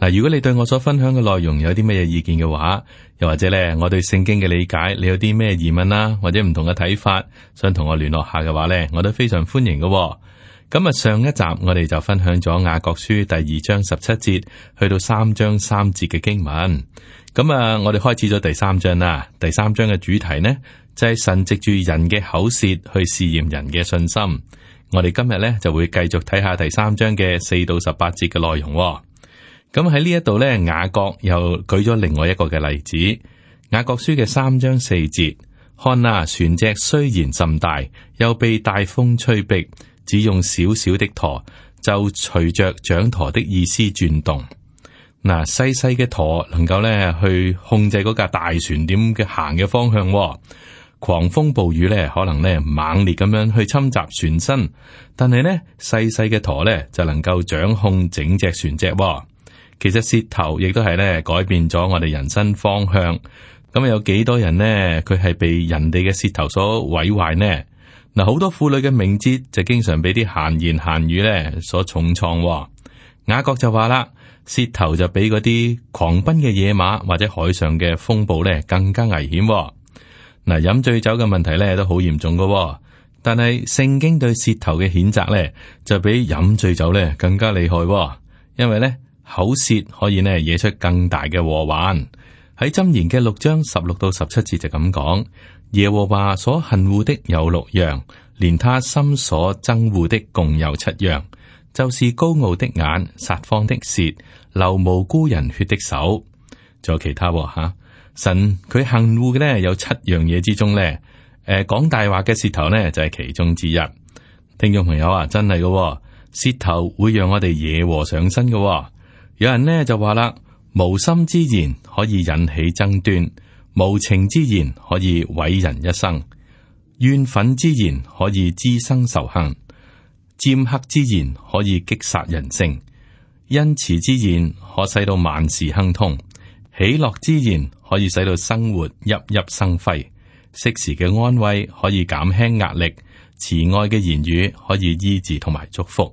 嗱，如果你對我所分享嘅內容有啲咩意見嘅話，又或者咧我對聖經嘅理解，你有啲咩疑問啦、啊，或者唔同嘅睇法，想同我聯絡下嘅話咧，我都非常歡迎嘅、哦。咁啊，上一集我哋就分享咗雅各書第二章十七節去到三章三節嘅經文。咁、嗯、啊，我哋開始咗第三章啦。第三章嘅主題呢，就係、是、神藉住人嘅口舌去試驗人嘅信心。我哋今日咧就會繼續睇下第三章嘅四到十八節嘅內容、哦。咁喺呢一度呢，雅各又舉咗另外一個嘅例子。雅各書嘅三章四節，看啊，船隻雖然甚大，又被大風吹逼，只用小小的舵就隨着掌舵的意思轉動。嗱，細細嘅舵能夠呢去控制嗰架大船點嘅行嘅方向。狂風暴雨呢可能呢猛烈咁樣去侵襲船身，但係呢，細細嘅舵呢，就能夠掌控整隻船隻。其實舌頭亦都係咧改變咗我哋人生方向。咁有幾多人呢？佢係被人哋嘅舌頭所毀壞呢？嗱，好多婦女嘅名節就經常俾啲閒言閒語咧所重創。雅各就話啦，舌頭就比嗰啲狂奔嘅野馬或者海上嘅風暴咧更加危險。嗱，飲醉酒嘅問題咧都好嚴重噶，但係聖經對舌頭嘅譴責咧就比飲醉酒咧更加厲害，因為咧。口舌可以呢惹出更大嘅禍患。喺《箴言》嘅六章十六到十七節就咁講，耶和華所恨惡的有六樣，連他心所憎惡的共有七樣，就是高傲的眼、撒謊的舌、流無辜人血的手，仲有其他吓、啊、神佢恨惡嘅呢有七樣嘢之中呢，誒、呃、講大話嘅舌頭呢就係、是、其中之一。聽眾朋友啊，真係嘅舌頭會讓我哋惹禍上身嘅、啊。有人咧就話啦，無心之言可以引起爭端，無情之言可以毀人一生，怨憤之言可以滋生仇恨，尖刻之言可以擊殺人性，恩慈之言可使到萬事亨通，喜樂之言可以使到生活熠熠生輝，適時嘅安慰可以減輕壓力，慈愛嘅言語可以醫治同埋祝福。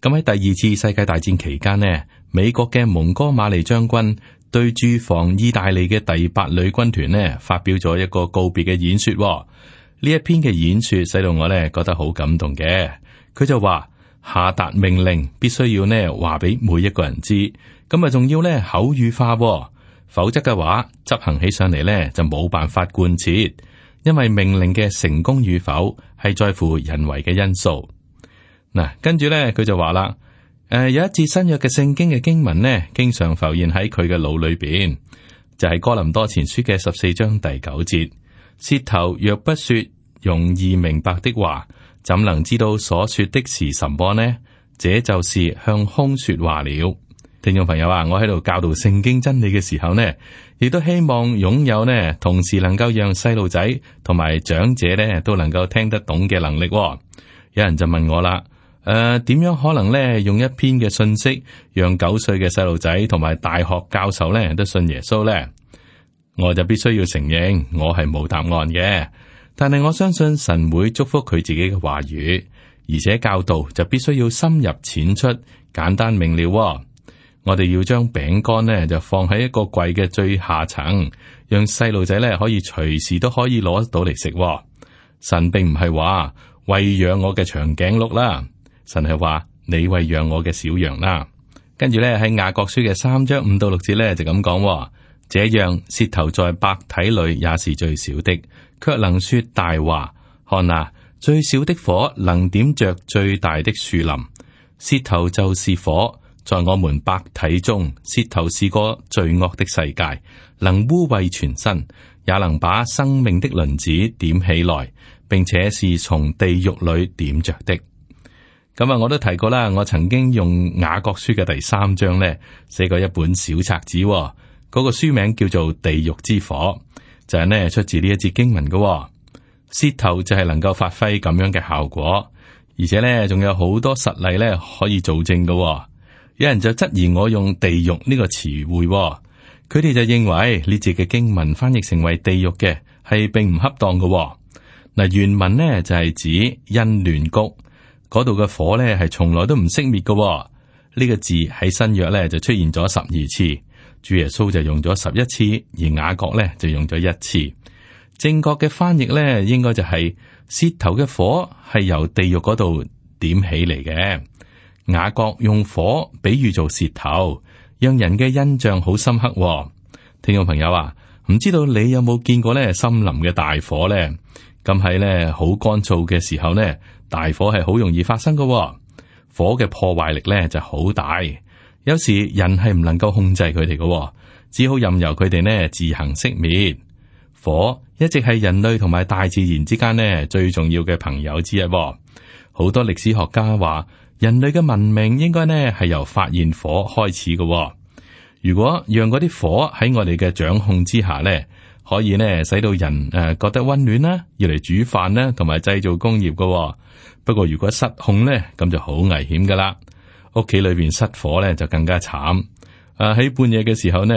咁喺第二次世界大戰期間呢，美國嘅蒙哥馬利將軍對駐防意大利嘅第八旅軍團呢，發表咗一個告別嘅演說，哦。呢一篇嘅演說，使到我呢覺得好感動嘅。佢就話下達命令必須要呢話俾每一個人知，咁啊仲要呢口語化，哦，否則嘅話執行起上嚟呢就冇辦法貫徹，因為命令嘅成功與否係在乎人為嘅因素。嗱，跟住呢佢就話啦。誒、啊，有一節新約嘅聖經嘅經文呢，經常浮現喺佢嘅腦裏邊，就係、是、哥林多前書嘅十四章第九節。舌頭若不說容易明白的話，怎能知道所說的是什麼呢？這就是向空說話了。聽眾朋友啊，我喺度教導聖經真理嘅時候呢，亦都希望擁有呢，同時能夠讓細路仔同埋長者呢都能夠聽得懂嘅能力，哦。有人就問我啦。誒，點、呃、樣可能咧用一篇嘅信息，讓九歲嘅細路仔同埋大學教授咧都信耶穌咧？我就必須要承認，我係冇答案嘅。但係我相信神會祝福佢自己嘅話語，而且教導就必須要深入淺出、簡單明了，哦。我哋要將餅乾咧就放喺一個櫃嘅最下層，讓細路仔咧可以隨時都可以攞得到嚟食，哦。神並唔係話，餵養我嘅長頸鹿啦。神係話：你餵養我嘅小羊啦。跟住咧喺雅各書嘅三章五到六節咧，就咁講：這樣，這樣舌頭在百體裏也是最小的，卻能說大話。看啊，最小的火能點着最大的樹林，舌頭就是火，在我們百體中，舌頭是個罪惡的世界，能污穢全身，也能把生命的輪子點起來，並且是從地獄裏點着的。咁啊、嗯！我都提過啦，我曾經用雅各書嘅第三章咧寫過一本小冊子、哦，嗰、那個書名叫做《地獄之火》，就係、是、呢出自呢一節經文嘅、哦。舌頭就係能夠發揮咁樣嘅效果，而且呢仲有好多實例咧可以做證嘅。有人就質疑我用地獄呢個詞彙、哦，佢哋就認為呢節嘅經文翻譯成為地獄嘅係並唔恰當嘅、哦。嗱，原文呢就係、是、指欣嫩谷。嗰度嘅火咧，係從來都唔熄滅嘅。呢、這個字喺新約咧就出現咗十二次，主耶穌就用咗十一次，而雅各咧就用咗一次。正確嘅翻譯咧，應該就係、是、舌頭嘅火係由地獄嗰度點起嚟嘅。雅各用火比喻做舌頭，讓人嘅印象好深刻、哦。聽眾朋友啊，唔知道你有冇見過咧森林嘅大火咧？咁喺咧好乾燥嘅時候咧。大火係好容易發生噶，火嘅破壞力咧就好大，有時人係唔能夠控制佢哋噶，只好任由佢哋呢自行熄滅。火一直係人類同埋大自然之間呢最重要嘅朋友之一。好多歷史學家話，人類嘅文明應該呢係由發現火開始噶。如果讓嗰啲火喺我哋嘅掌控之下呢。可以呢，使到人誒覺得溫暖啦，要嚟煮飯啦，同埋製造工業噶哦。不過如果失控咧，咁就好危險噶啦。屋企裏邊失火咧就更加慘。啊喺半夜嘅時候呢，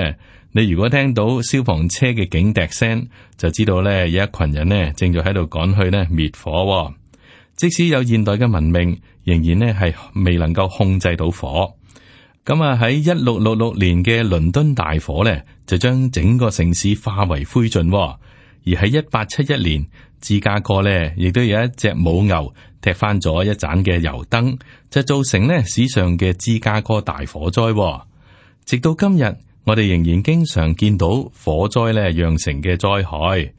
你如果聽到消防車嘅警笛聲，就知道咧有一群人呢正在喺度趕去呢滅火哦。即使有現代嘅文明，仍然呢，係未能夠控制到火。咁啊！喺一六六六年嘅倫敦大火呢，就將整個城市化為灰燼喎。而喺一八七一年，芝加哥呢亦都有一隻母牛踢翻咗一盞嘅油燈，就造成呢史上嘅芝加哥大火災喎。直到今日，我哋仍然經常見到火災呢釀成嘅災害。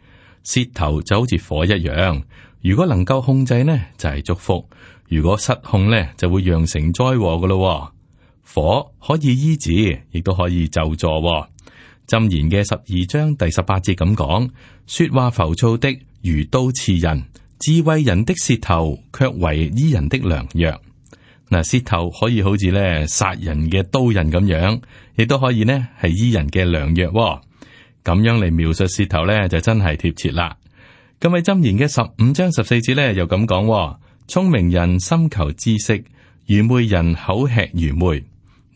舌頭就好似火一樣，如果能夠控制呢，就係祝福；如果失控呢，就會釀成災禍噶咯。火可以醫治，亦都可以救助、哦。《箴言》嘅十二章第十八節咁講，說話浮躁的如刀刺人，智慧人的舌頭卻為醫人的良藥。嗱，舌頭可以好似咧殺人嘅刀刃咁樣，亦都可以呢係醫人嘅良藥、哦。咁樣嚟描述舌頭咧，就真係貼切啦。咁喺《箴言》嘅十五章十四節咧，又咁講，聰明人心求知識，愚昧人口吃愚昧。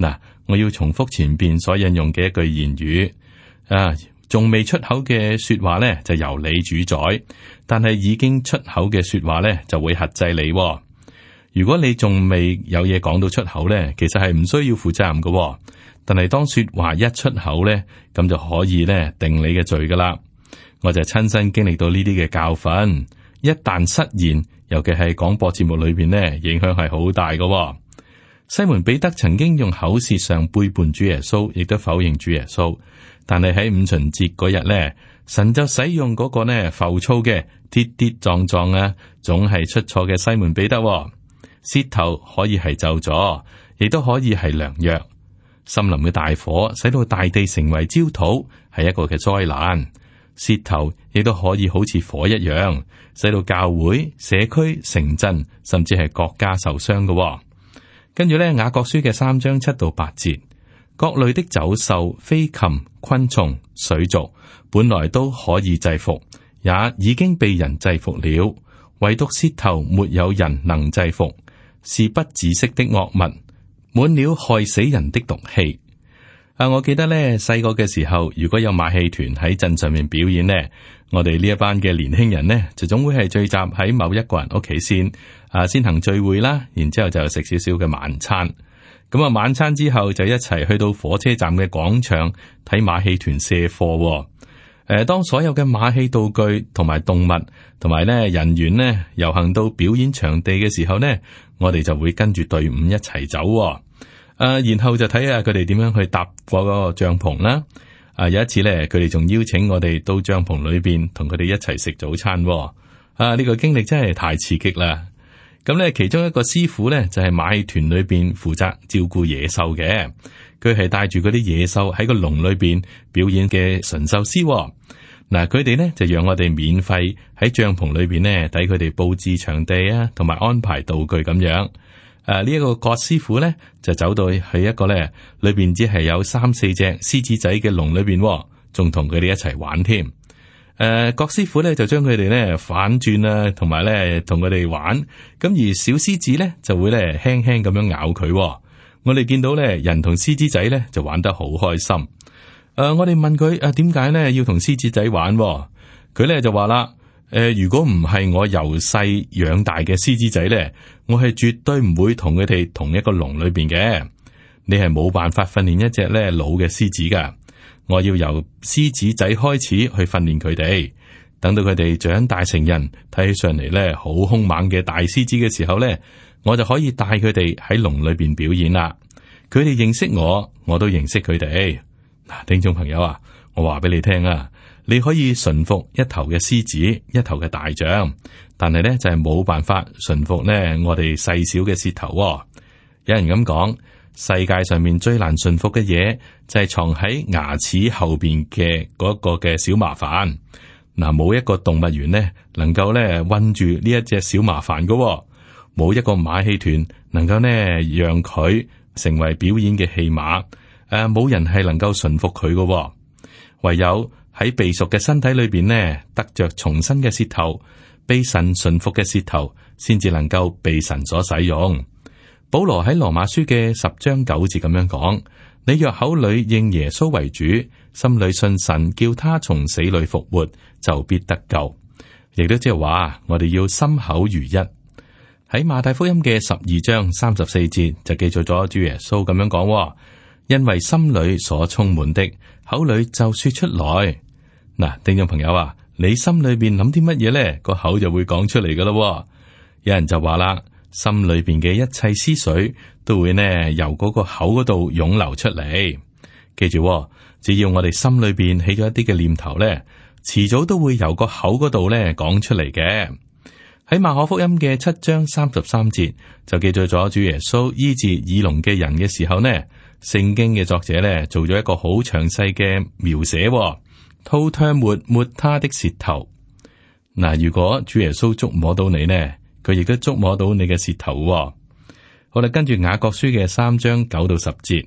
嗱，我要重複前邊所引用嘅一句言語，啊，仲未出口嘅說話呢，就由你主宰；但係已經出口嘅說話呢，就會轄制你。如果你仲未有嘢講到出口呢，其實係唔需要負責任嘅。但係當說話一出口呢，咁就可以呢定你嘅罪噶啦。我就親身經歷到呢啲嘅教訓，一旦失言，尤其係廣播節目裏邊呢，影響係好大噶。西門彼得曾經用口舌上背叛主耶穌，亦都否認主耶穌。但係喺五旬節嗰日咧，神就使用嗰個咧浮躁嘅跌跌撞撞啊，總係出錯嘅西門彼得。舌頭可以係咒詛，亦都可以係良藥。森林嘅大火使到大地成為焦土，係一個嘅災難。舌頭亦都可以好似火一樣，使到教會、社區、城鎮甚至係國家受傷嘅。跟住咧，雅各書嘅三章七到八節，各類的走獸、飛禽、昆蟲、水族，本來都可以制服，也已經被人制服了，唯獨舌頭沒有人能制服，是不止息的惡物，滿了害死人的毒氣。啊！我記得呢細個嘅時候，如果有馬戲團喺鎮上面表演呢，我哋呢一班嘅年輕人呢，就總會係聚集喺某一個人屋企先，啊，先行聚會啦，然之後就食少少嘅晚餐。咁啊，晚餐之後就一齊去到火車站嘅廣場睇馬戲團卸貨。誒，當所有嘅馬戲道具同埋動物同埋呢人員呢，遊行到表演場地嘅時候呢，我哋就會跟住隊伍一齊走。誒、啊，然後就睇下佢哋點樣去搭嗰個帳篷啦。啊，有一次咧，佢哋仲邀請我哋到帳篷裏邊同佢哋一齊食早餐。啊、呢、這個經歷真係太刺激啦！咁、嗯、咧，其中一個師傅咧就係馬戲團裏邊負責照顧野獸嘅，佢係帶住嗰啲野獸喺個籠裏邊表演嘅馴獸師。嗱、啊，佢哋咧就讓我哋免費喺帳篷裏邊咧睇佢哋佈置場地啊，同埋安排道具咁樣。誒，呢一、啊這個郭師傅咧就走到去一個咧裏邊，只係有三四隻獅子仔嘅籠裏邊，仲同佢哋一齊玩添。誒、呃，郭師傅咧就將佢哋咧反轉啦、啊，同埋咧同佢哋玩。咁而小獅子咧就會咧輕輕咁樣咬佢、哦。我哋見到咧人同獅子仔咧就玩得好開心。誒、呃，我哋問佢誒，點解咧要同獅子仔玩呢？佢咧就話啦。誒，如果唔係我由細養大嘅獅子仔呢，我係絕對唔會同佢哋同一個籠裏邊嘅。你係冇辦法訓練一隻咧老嘅獅子噶。我要由獅子仔開始去訓練佢哋，等到佢哋長大成人，睇起上嚟咧好兇猛嘅大獅子嘅時候呢，我就可以帶佢哋喺籠裏邊表演啦。佢哋認識我，我都認識佢哋。嗱，聽眾朋友啊，我話俾你聽啊。你可以馴服一頭嘅獅子，一頭嘅大象，但係咧就係、是、冇辦法馴服咧我哋細小嘅舌頭、哦。有人咁講，世界上面最難馴服嘅嘢就係、是、藏喺牙齒後邊嘅嗰個嘅小麻煩。嗱，冇一個動物園呢能夠咧困住呢一隻小麻煩㗎、哦，冇一個馬戲團能夠呢讓佢成為表演嘅戲碼，誒、啊，冇人係能夠馴服佢㗎、哦，唯有。喺被贖嘅身體裏邊呢，得着重生嘅舌頭，被神馴服嘅舌頭，先至能夠被神所使用。保羅喺羅馬書嘅十章九節咁樣講：你若口裏應耶穌為主，心裏信神叫他從死裏復活，就必得救。亦都即係話，我哋要心口如一。喺馬太福音嘅十二章三十四節就記載咗主耶穌咁樣講：因為心裏所充滿的，口裏就說出來。嗱，聽眾朋友啊，你心裏邊諗啲乜嘢呢？個口就會講出嚟噶啦。有人就話啦，心裏邊嘅一切思緒都會呢由嗰個口嗰度湧流出嚟。記住，只要我哋心裏邊起咗一啲嘅念頭呢，遲早都會由個口嗰度呢講出嚟嘅。喺《馬可福音》嘅七章三十三節就記載咗主耶穌醫治耳聾嘅人嘅時候呢，聖經嘅作者呢，做咗一個好詳細嘅描寫。吐唾沫抹他的舌頭，嗱、啊，如果主耶穌捉摸到你呢，佢亦都捉摸到你嘅舌頭、哦。我哋跟住雅各書嘅三章九到十節，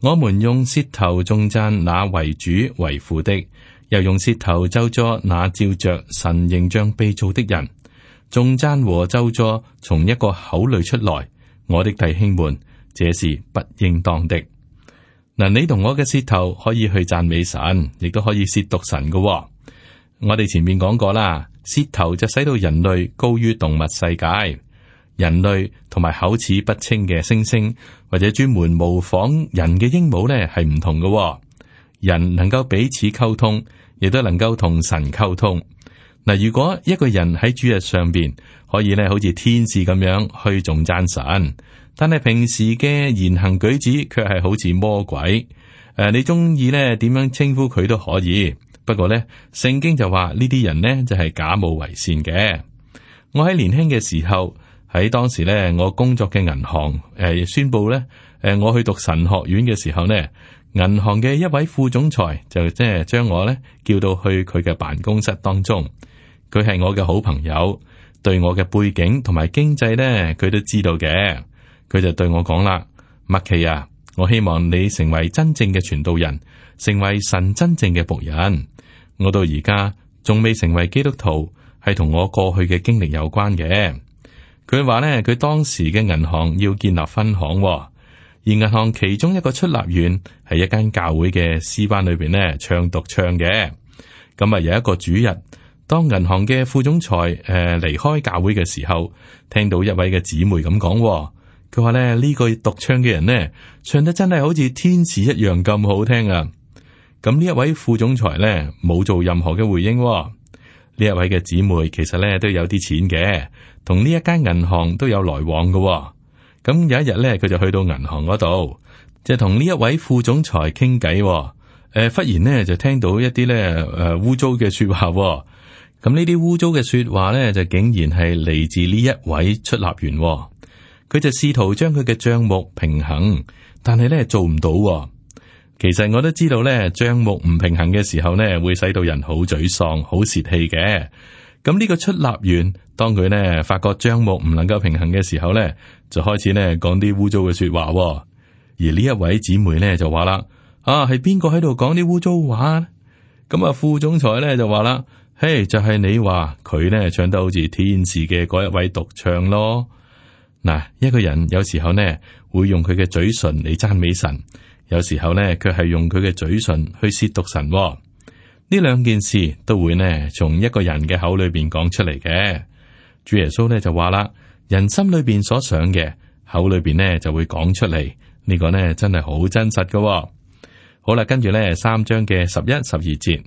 我們用舌頭頌讚那為主為父的，又用舌頭咒詛那照着神形象被造的人，頌讚和咒詛從一個口裏出來，我的弟兄們，這是不應當的。嗱，你同我嘅舌頭可以去讚美神，亦都可以褻瀆神嘅、哦。我哋前面講過啦，舌頭就使到人類高於動物世界，人類同埋口齒不清嘅猩猩或者專門模仿人嘅鸚鵡咧係唔同嘅、哦。人能夠彼此溝通，亦都能夠同神溝通。嗱，如果一個人喺主日上邊可以咧，好似天使咁樣去頌讚神。但係平時嘅言行舉止卻係好似魔鬼。誒，你中意咧，點樣稱呼佢都可以。不過咧，聖經就話呢啲人咧就係、是、假冒為善嘅。我喺年輕嘅時候喺當時咧，我工作嘅銀行誒、呃、宣佈咧，誒我去讀神學院嘅時候咧，銀行嘅一位副總裁就即係將我咧叫到去佢嘅辦公室當中。佢係我嘅好朋友，對我嘅背景同埋經濟咧，佢都知道嘅。佢就對我講啦：麥琪啊，我希望你成為真正嘅傳道人，成為神真正嘅僕人。我到而家仲未成為基督徒，係同我過去嘅經歷有關嘅。佢話呢，佢當時嘅銀行要建立分行，哦，而銀行其中一個出納員係一間教會嘅詩班裏邊呢唱獨唱嘅。咁啊，有一個主日，當銀行嘅副總裁誒、呃、離開教會嘅時候，聽到一位嘅姊妹咁講、哦。佢話咧呢個獨唱嘅人呢，唱得真係好似天使一樣咁好聽啊！咁呢一位副總裁呢，冇做任何嘅回應、哦。呢一位嘅姊妹其實呢，都有啲錢嘅，同呢一間銀行都有來往嘅、哦。咁有一日呢，佢就去到銀行嗰度，就同呢一位副總裁傾偈、哦。誒、呃，忽然呢，就聽到一啲呢誒污糟嘅說話、哦。咁呢啲污糟嘅說話呢，就竟然係嚟自呢一位出納員、哦。佢就試圖將佢嘅賬目平衡，但係咧做唔到喎。其實我都知道咧，賬目唔平衡嘅時候咧，會使到人好沮喪、好洩氣嘅。咁呢個出納員，當佢咧發覺賬目唔能夠平衡嘅時候咧，就開始咧講啲污糟嘅說話喎。而呢一位姊妹咧就話啦：，啊，係邊個喺度講啲污糟話？咁啊，副總裁咧就話啦：，嘿，就係你話佢咧唱得好似天使嘅嗰一位獨唱咯。嗱，一個人有時候呢，會用佢嘅嘴唇嚟讚美神，有時候呢，佢係用佢嘅嘴唇去褻瀆神、哦。呢兩件事都會呢，從一個人嘅口裏邊講出嚟嘅。主耶穌呢就話啦：人心裏邊所想嘅，口裏邊呢就會講出嚟。呢、這個呢，真係好真實噶、哦。好啦，跟住呢，三章嘅十一十二節，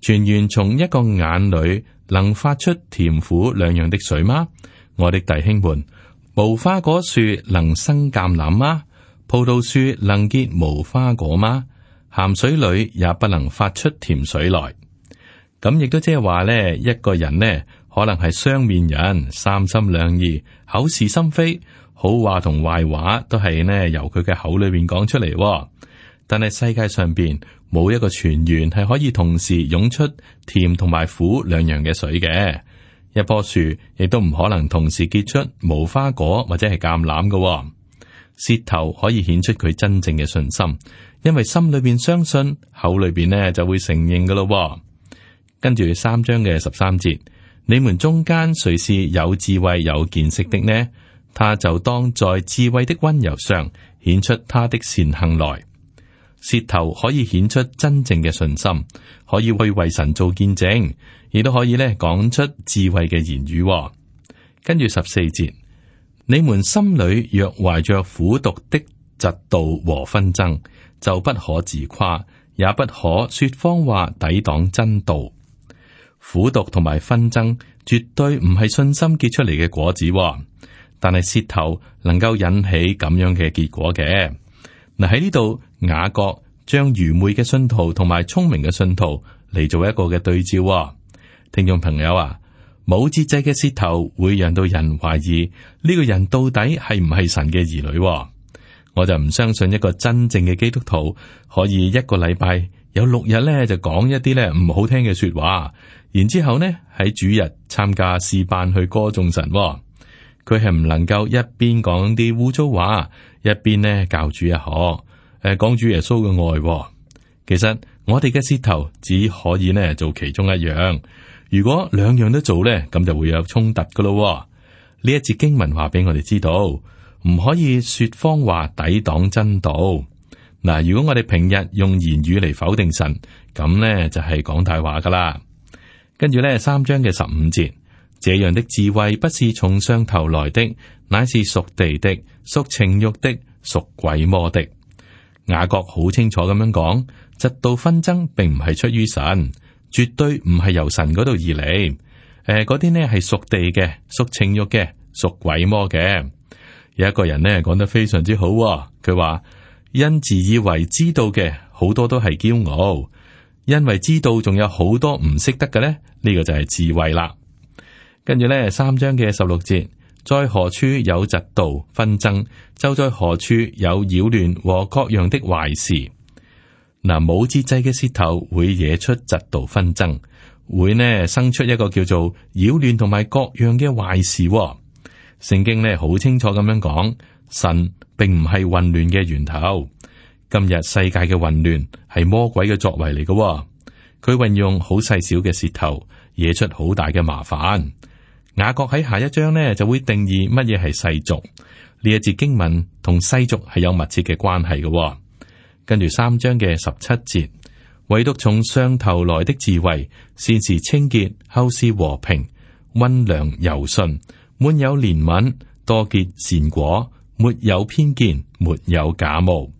泉源從一個眼裏能發出甜苦兩樣的水嗎？我的弟兄們。無花果樹能生橄欖嗎？葡萄樹能結無花果嗎？咸水裏也不能發出甜水來。咁亦都即係話呢，一個人呢，可能係雙面人、三心兩意、口是心非，好話同壞話都係呢，由佢嘅口裏面講出嚟。但係世界上邊冇一個泉源係可以同時湧出甜同埋苦兩樣嘅水嘅。一棵樹亦都唔可能同時結出無花果或者係橄欖嘅。哦、舌頭可以顯出佢真正嘅信心，因為心裏邊相信，口裏邊呢就會承認嘅咯。跟住三章嘅十三節，你們中間誰是有智慧有見識的呢？他就當在智慧的温柔上顯出他的善行來。舌頭可以顯出真正嘅信心，可以去為神做見證，亦都可以咧講出智慧嘅言語。跟住十四節，你們心裏若懷着苦毒的嫉妒和紛爭，就不可自誇，也不可說謊話抵擋真道。苦毒同埋紛爭絕對唔係信心結出嚟嘅果子，但係舌頭能夠引起咁樣嘅結果嘅。嗱，喺呢度，雅各將愚昧嘅信徒同埋聰明嘅信徒嚟做一個嘅對照啊、哦！聽眾朋友啊，冇節制嘅舌頭會讓到人懷疑呢個人到底係唔係神嘅兒女、哦？我就唔相信一個真正嘅基督徒可以一個禮拜有六日咧就講一啲咧唔好聽嘅說話，然之後咧喺主日參加試辦去歌頌神、哦，佢係唔能夠一邊講啲污糟話。一邊呢教主一可，誒講主耶穌嘅愛、哦，其實我哋嘅舌頭只可以呢做其中一樣，如果兩樣都做呢，咁就會有衝突噶咯、哦。呢一節經文話俾我哋知道，唔可以說謊話抵擋真道。嗱，如果我哋平日用言語嚟否定神，咁呢，就係講大話噶啦。跟住呢，三章嘅十五節。這樣的智慧不是從上頭來的，乃是屬地的、屬情欲的、屬鬼魔的。雅各好清楚咁樣講，嫉妒紛爭並唔係出於神，絕對唔係由神嗰度而嚟。誒、呃，嗰啲呢係屬地嘅、屬情欲嘅、屬鬼魔嘅。有一個人呢講得非常之好，佢話因自以為知道嘅好多都係驕傲，因為知道仲有好多唔識得嘅呢，呢、這個就係智慧啦。跟住呢，三章嘅十六節，在何處有嫉妒紛爭，就在何處有擾亂和各樣的壞事。嗱，冇節制嘅舌頭會惹出嫉妒紛爭，會呢生出一個叫做擾亂同埋各樣嘅壞事、哦。聖經呢好清楚咁樣講，神並唔係混亂嘅源頭。今日世界嘅混亂係魔鬼嘅作為嚟嘅、哦，佢運用好細小嘅舌頭惹出好大嘅麻煩。雅各喺下一章呢就會定義乜嘢係世俗呢？一節經文同世俗係有密切嘅關係嘅、哦。跟住三章嘅十七節，唯獨從上頭來的智慧，先是清潔，後是和平、温良、柔順，滿有憐憫，多結善果，沒有偏見，沒有假冒。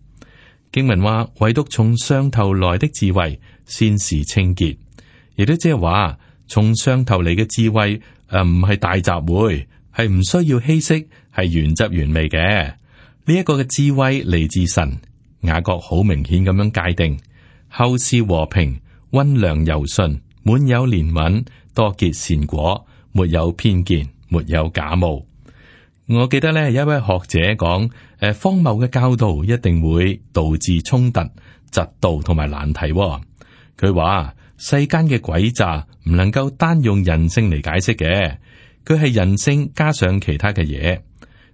經文話，唯獨從上頭來的智慧，先是清潔，亦都即係話從上頭嚟嘅智慧。誒，唔係、嗯、大集會，係唔需要稀釋，係原汁原味嘅。呢、這、一個嘅智慧嚟自神，雅各好明顯咁樣界定，後是和平、温良、柔順、滿有憐憫、多結善果，沒有偏見，沒有假冒。我記得呢一位學者講，誒、呃，荒謬嘅教導一定會導致衝突、嫉妒同埋難題。佢話。世間嘅詭詐唔能夠單用人性嚟解釋嘅，佢係人性加上其他嘅嘢。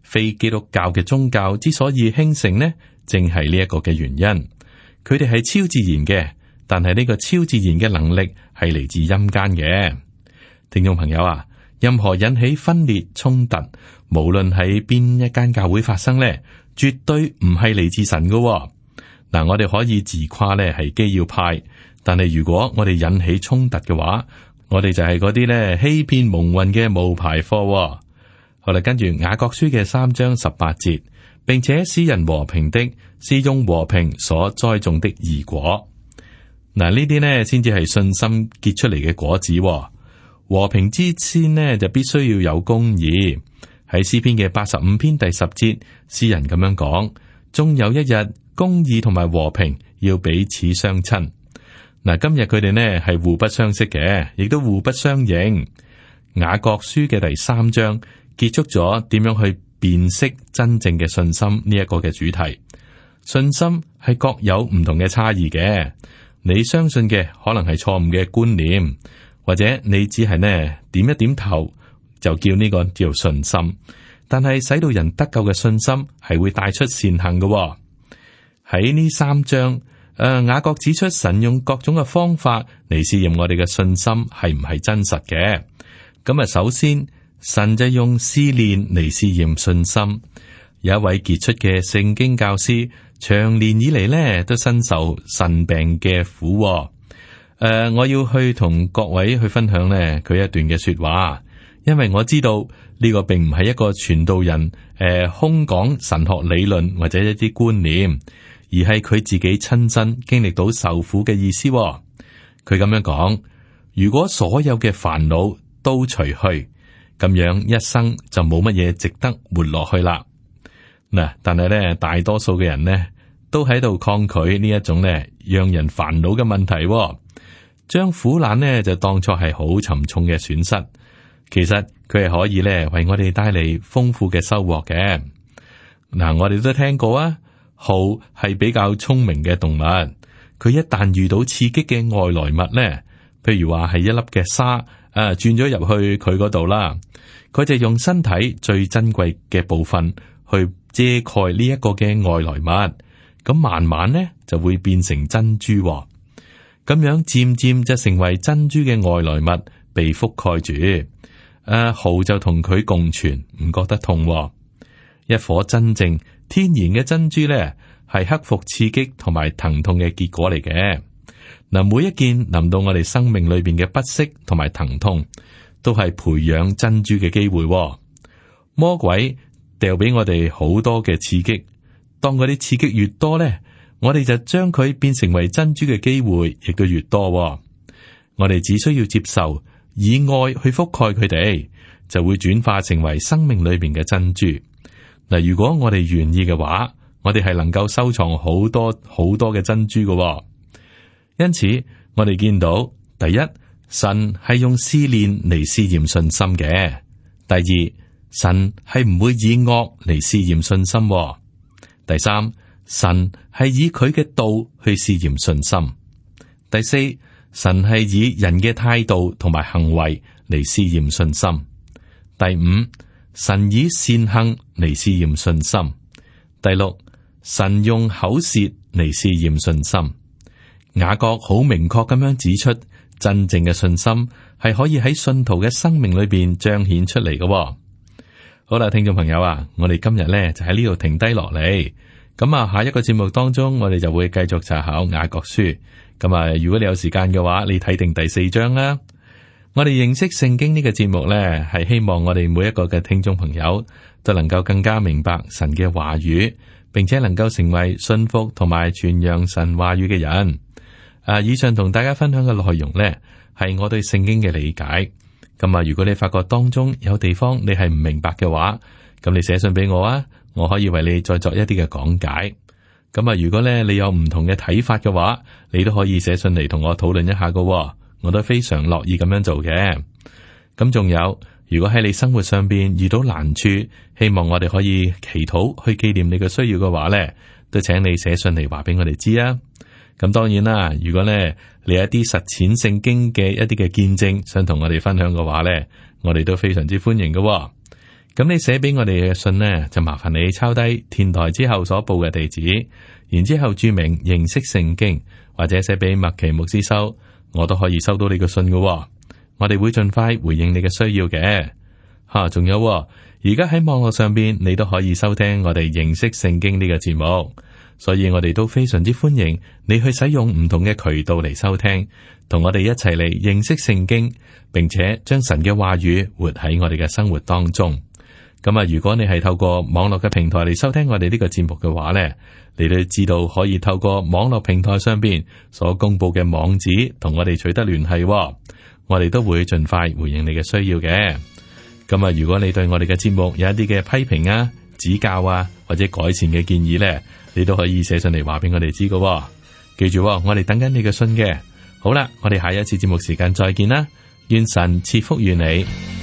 非基督教嘅宗教之所以興盛呢，正係呢一個嘅原因。佢哋係超自然嘅，但係呢個超自然嘅能力係嚟自陰間嘅。聽眾朋友啊，任何引起分裂衝突，無論喺邊一間教會發生呢，絕對唔係嚟自神㗎、哦。嗱、嗯，我哋可以自誇呢係基要派。但係，如果我哋引起衝突嘅話，我哋就係嗰啲呢欺騙蒙混嘅冒牌貨，喎。好啦，跟住雅各書嘅三章十八節，並且詩人和平的詩中和平所栽種的異果嗱，呢啲呢先至係信心結出嚟嘅果子，哦。和平之先呢，就必須要有公義。喺詩篇嘅八十五篇第十節，詩人咁樣講：終有一日，公義同埋和平要彼此相親。嗱，今日佢哋呢係互不相識嘅，亦都互不相認。雅各書嘅第三章結束咗，點樣去辨識真正嘅信心呢一個嘅主題？信心係各有唔同嘅差異嘅。你相信嘅可能係錯誤嘅觀念，或者你只係呢點一點頭就叫呢個叫信心。但係使到人得救嘅信心係會帶出善行嘅。喺呢三章。誒、呃，雅各指出神用各種嘅方法嚟試驗我哋嘅信心係唔係真實嘅。咁啊，首先神就用試煉嚟試驗信心。有一位傑出嘅聖經教師，長年以嚟呢都身受腎病嘅苦。誒、呃，我要去同各位去分享呢，佢一段嘅說話，因為我知道呢、這個並唔係一個傳道人誒、呃、空講神學理論或者一啲觀念。而係佢自己親身經歷到受苦嘅意思，哦，佢咁樣講：如果所有嘅煩惱都除去，咁樣一生就冇乜嘢值得活落去啦。嗱，但係咧，大多數嘅人呢都喺度抗拒呢一種咧讓人煩惱嘅問題，哦，將苦難呢就當作係好沉重嘅損失。其實佢係可以咧為我哋帶嚟豐富嘅收穫嘅。嗱，我哋都聽過啊。蠔係比較聰明嘅動物，佢一旦遇到刺激嘅外來物呢，譬如話係一粒嘅沙，誒、啊，轉咗入去佢嗰度啦，佢就用身體最珍貴嘅部分去遮蓋呢一個嘅外來物，咁慢慢呢就會變成珍珠，咁樣漸漸就成為珍珠嘅外來物被覆蓋住，誒、啊，蠔就同佢共存，唔覺得痛，一顆真正。天然嘅珍珠咧，係克服刺激同埋疼痛嘅結果嚟嘅。嗱，每一件臨到我哋生命裏邊嘅不適同埋疼痛，都係培養珍珠嘅機會、哦。魔鬼掉俾我哋好多嘅刺激，當啲刺激越多咧，我哋就將佢變成為珍珠嘅機會亦都越多、哦。我哋只需要接受，以愛去覆蓋佢哋，就會轉化成為生命裏邊嘅珍珠。嗱，如果我哋願意嘅話，我哋係能夠收藏好多好多嘅珍珠㗎喎。因此，我哋見到第一，神係用試煉嚟試驗信心嘅；第二，神係唔會以惡嚟試驗信心；第三，神係以佢嘅道去試驗信心；第四，神係以人嘅態度同埋行為嚟試驗信心；第五。神以善行嚟試驗信心。第六，神用口舌嚟試驗信心。雅各好明確咁樣指出，真正嘅信心係可以喺信徒嘅生命裏邊彰顯出嚟嘅。好啦，聽眾朋友啊，我哋今日咧就喺呢度停低落嚟。咁啊，下一個節目當中，我哋就會繼續查考雅各書。咁啊，如果你有時間嘅話，你睇定第四章啦。我哋認識聖經呢個節目呢，係希望我哋每一個嘅聽眾朋友都能夠更加明白神嘅話語，並且能夠成為信服同埋傳揚神話語嘅人。啊，以上同大家分享嘅內容呢，係我對聖經嘅理解。咁啊，如果你發覺當中有地方你係唔明白嘅話，咁你寫信俾我啊，我可以為你再作一啲嘅講解。咁啊，如果咧你有唔同嘅睇法嘅話，你都可以寫信嚟同我討論一下噶，哦。我都非常樂意咁樣做嘅。咁仲有，如果喺你生活上邊遇到難處，希望我哋可以祈禱去紀念你嘅需要嘅話呢，都請你寫信嚟話俾我哋知啊。咁當然啦，如果咧你有一啲實踐聖經嘅一啲嘅見證，想同我哋分享嘅話呢，我哋都非常之歡迎嘅。咁你寫俾我哋嘅信呢，就麻煩你抄低電台之後所報嘅地址，然之後注明認識聖經，或者寫俾麥奇牧師收。我都可以收到你個信㗎喎，我哋會盡快回應你嘅需要嘅。吓，仲有喎，而家喺網絡上邊，你都可以收聽我哋認識聖經呢個節目，所以我哋都非常之歡迎你去使用唔同嘅渠道嚟收聽，同我哋一齊嚟認識聖經，並且將神嘅話語活喺我哋嘅生活當中。咁啊，如果你係透過網絡嘅平台嚟收聽我哋呢個節目嘅話呢，你都知道可以透過網絡平台上邊所公佈嘅網址同我哋取得聯繫，哦，我哋都會盡快回應你嘅需要嘅。咁、嗯、啊，如果你對我哋嘅節目有一啲嘅批評啊、指教啊或者改善嘅建議呢，你都可以寫上嚟話俾我哋知嘅。記住，哦，我哋等緊你嘅信嘅。好啦，我哋下一次節目時間再見啦，願神賜福於你。